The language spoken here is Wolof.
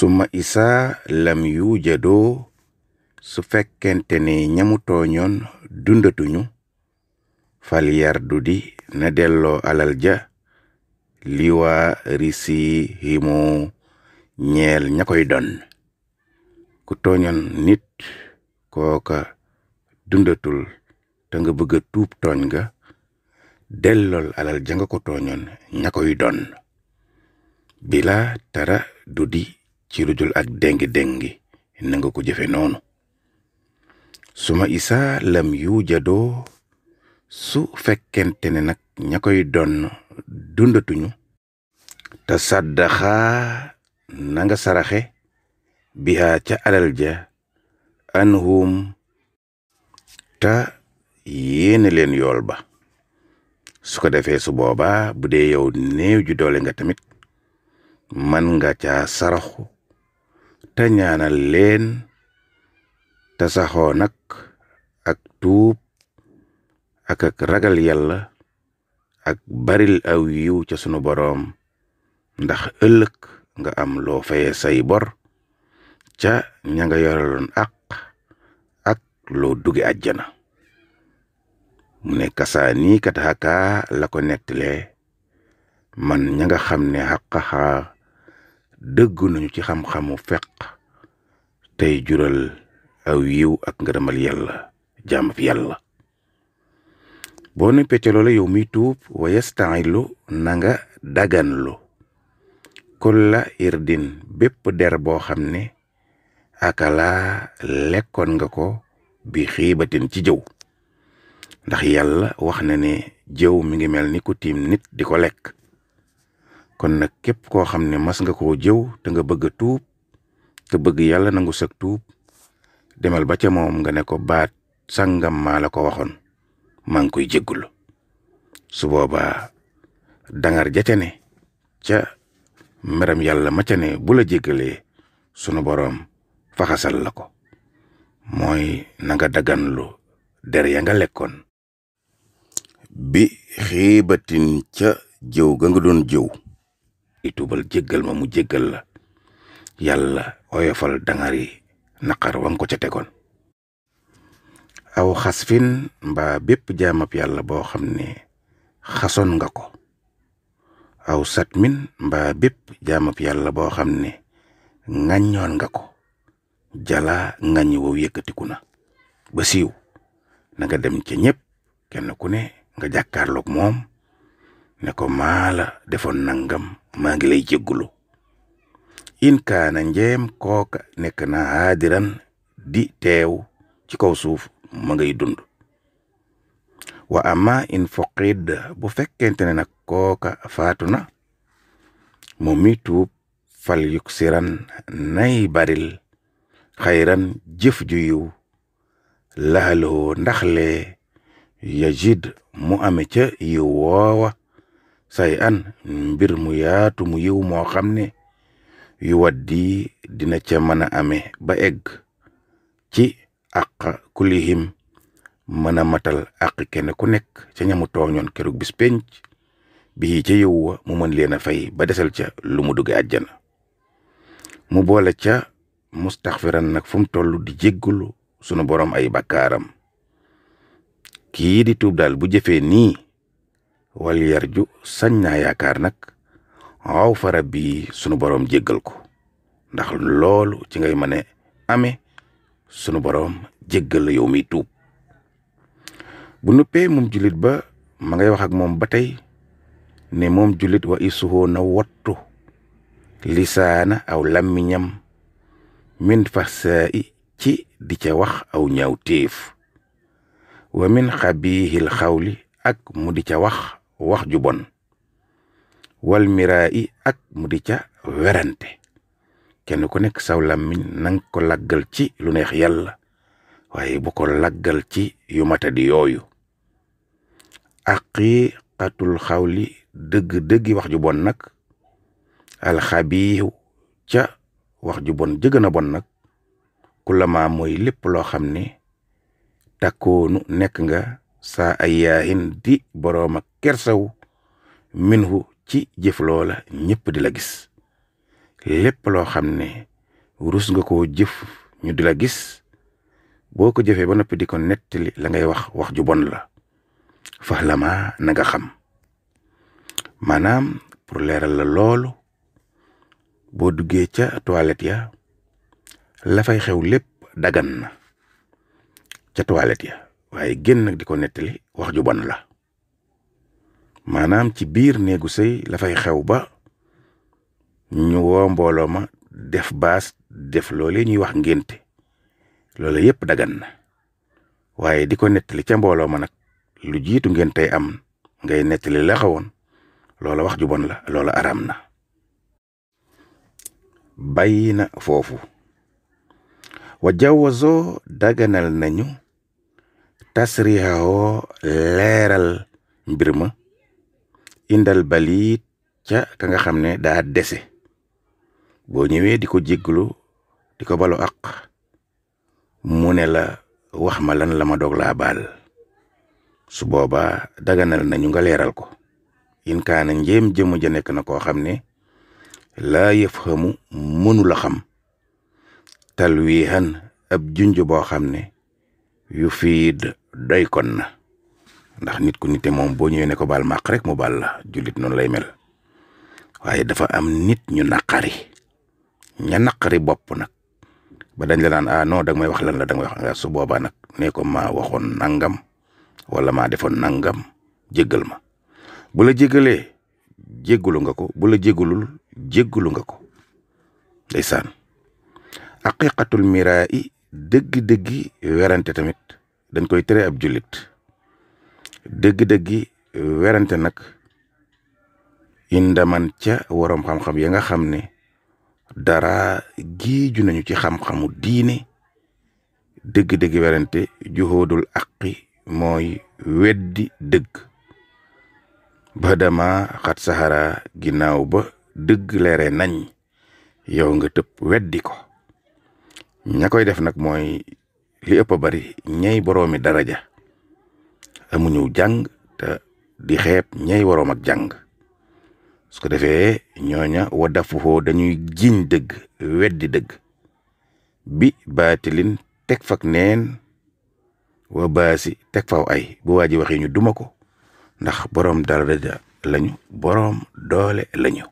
suma isaa lam yu jadoo su fekkente ne ñamu tooñoon dundatuñu fal yardu na delloo alal ja liwaa risi himu ñeel ña koy don ku tooñoon nit kooka dundatul te nga bëgga tuub tooñ nga dellool alal ja nga ko tooñoon koy don bila tara dudi ci lu ak déngi-déngi na nga ko jëfe noonu suma isaa lam yu jadoo su fekkente ne nag ña koy doon dundatuñu te saddaxa nanga nga saraxe bihaa ca alal ja anhum te yéene leen yool ba su ko defee su boobaa bu dee yow néew ju doole nga tamit man nga caa saraxu te ñaanal leen te saxoo nag ak tuub ak ak ragal yàlla ak baril aw yiw ca sunu boroom ndax ëllëg nga am loo faye say bor ca ña nga yoraloon ak loo duge àjjana mu ne kasaanii kat xakaa la ko nettalee man ña nga xam ne xaqaxaa dëggu nañu ci xam-xamu feq tey jural aw yiw ak ngërëmal yàlla jaamab yàlla boo neppee ca loola yow miy tuub wa yastaxilu na nga daganlu kulla irdin bépp der boo xam ne akalaa lekkoon nga ko bi xiibatin ci jëw ndax yàlla wax na ni jëw mi ngi mel ni ku tiim nit di ko lekk kon nag képp koo xam ne mas nga koo jëw te nga bëgg a tuub te bëgg yàlla nangu sag tuub demal ba ca moom nga ne ko baat sàngam maa la ko waxoon maa ngi koy jéggulu su boobaa dangar jaca ne ca meram yàlla ma ca ne bu la sunu boroom faxasal la ko mooy nanga nga daganlu der ya nga lekkoon bi xiibatin ca jëw ga nga doon jëw i tuubal ma mu jéggal la yàlla oyofal dangari naqar wa nga ko ca tegoon aw xasfin mbaa bépp jaamab yàlla boo xam ne xasoon nga ko aw satmin mbaa bépp jaamab yàlla boo xam ne ŋàññoon nga ko jalaa ŋàññ wow yëkkatiku na ba nanga dem ca ñépp kenn ku ne nga jàkkaarloog moom ne ko maala defoon nangam maa ngi lay jéggulu in kaana njeem kooka nekk na haadiran di teew ci kaw suuf ma ngay dund wa ama in foqid bu fekkente ne nag kooka faatu na moom mi tuub fal yuksiran nay baril xayran jëf ju yiw laxaloo ndax lee yajid mu ame ca yiw woowa say an mbir mu yaatu mu yiw moo xam ne yu waddi dina ca mën a amee ba egg ci àq kulihim mën a matal àq kenn ku nekk ca ñamu tooñoon kerug bis penc bii ca yëw wa mu mën leen a fay ba desel ca lu mu dugge àjjana mu boole ca mustaxfiran nag fu mu toll di jéggulu sunu borom ay bakkaaram kii di tuub daal bu jëfee nii wal yarju sañ naa yaakaar nag waaw fa rabbi sunu boroom jéggal ko ndax loolu ci ngay mën a amee sunu boroom jéggal la yow miy tuub bu nuppee moom jullit ba ma ngay wax ak moom ba tey ne moom jullit wa isuhoo na wattu lisaana aw làmmiñam min farsaa'i ci di ca wax aw ñaaw téef wa min xabiihil xawli ak mu di ca wax wax ju bon wal miraa ak mu di ca werante kenn ku nekk saw làmmiñ nang ko laggal ci lu neex yàlla waaye bu ko laggal ci yu matadi yooyu aqiqatul xawli dëgg-dëggi wax ju bon nag alxabiihu ca wax ju bon jëgën a bon nag kulama mooy lépp loo xam ni takkoonu nekk nga sa ay di boroom kersawu minhu ci jëf loola ñépp di la gis lépp loo xam ne rus nga koo jëf ñu di la gis boo ko jëfee ba noppi di ko nettali la ngay wax wax ju bon la faxlama na nga xam maanaam pour leeral la loolu boo duggee ca toilette ya lafay fay xew lépp dagan na ca toilette ya waaye génn di ko nettali wax ju bon la maanaam ci biir néegu sëy la xew ba ñu woo mbooloo ma def baas def loole ñuy wax ngénte loole yépp dagan na waaye di ko nettali ca mbooloo ma nag lu jiitu ngéntey am ngay nettali la xawoon loola wax ju bon la loola araam na bàyyi na foofu wa jawwazoo daganal nañu tasrihaoo leeral mbir ma indal baliit ca ka nga xam ne daa dese boo ñëwee di ko jégglu di ko balu aq mu ne la wax ma lan la ma doog laa baal su boobaa daganal nañu nga leeral ko in kaana njéem jëmu ja nekk na koo xam ne laa yafhamu mënu la xam talwihan ab junj boo xam ne yu fiid doy kon na ndax nit ku nite moom boo ñëwee ne ko baal màq rek mu baal la jullit noonu lay mel waaye dafa am nit ñu naqari ña naqari bopp nag ba dañ la naan ah non danga may wax lan la danga may wax su boobaa nag nee ko maa waxoon nangam wala maa defoon nangam jéggal ma bu la jéggalee jéggalu nga ko bu la jéggalul jéggalu nga ko ndeysaan aqiqatul miraa yi dëgg-dëgg werante tamit dañ koy tere ab jullit dëgg-dëggi euh, werante nag indaman ca waroom xam-xam ya nga xam ne dara géeju nañu ci xam-xamu diine dëgg-dëgg werante juhoodul aqi mooy weddi dëgg ba dama xat saxara ginnaaw ba dëgg leere nañ yow nga tëb weddi ko ña koy def nag mooy li ëpp a bari ñay boroomi daraja amuñu jàng te di xeeb ñay waroom ak jàng su ko defee ñooña wa dafuhoo dañuy jiñ dëgg weddi dëgg bi baatilin teg fak neen wa baasi teg faw ay bu waa ji waxee ñu duma ko ndax boroom da lañu boroom doole lañu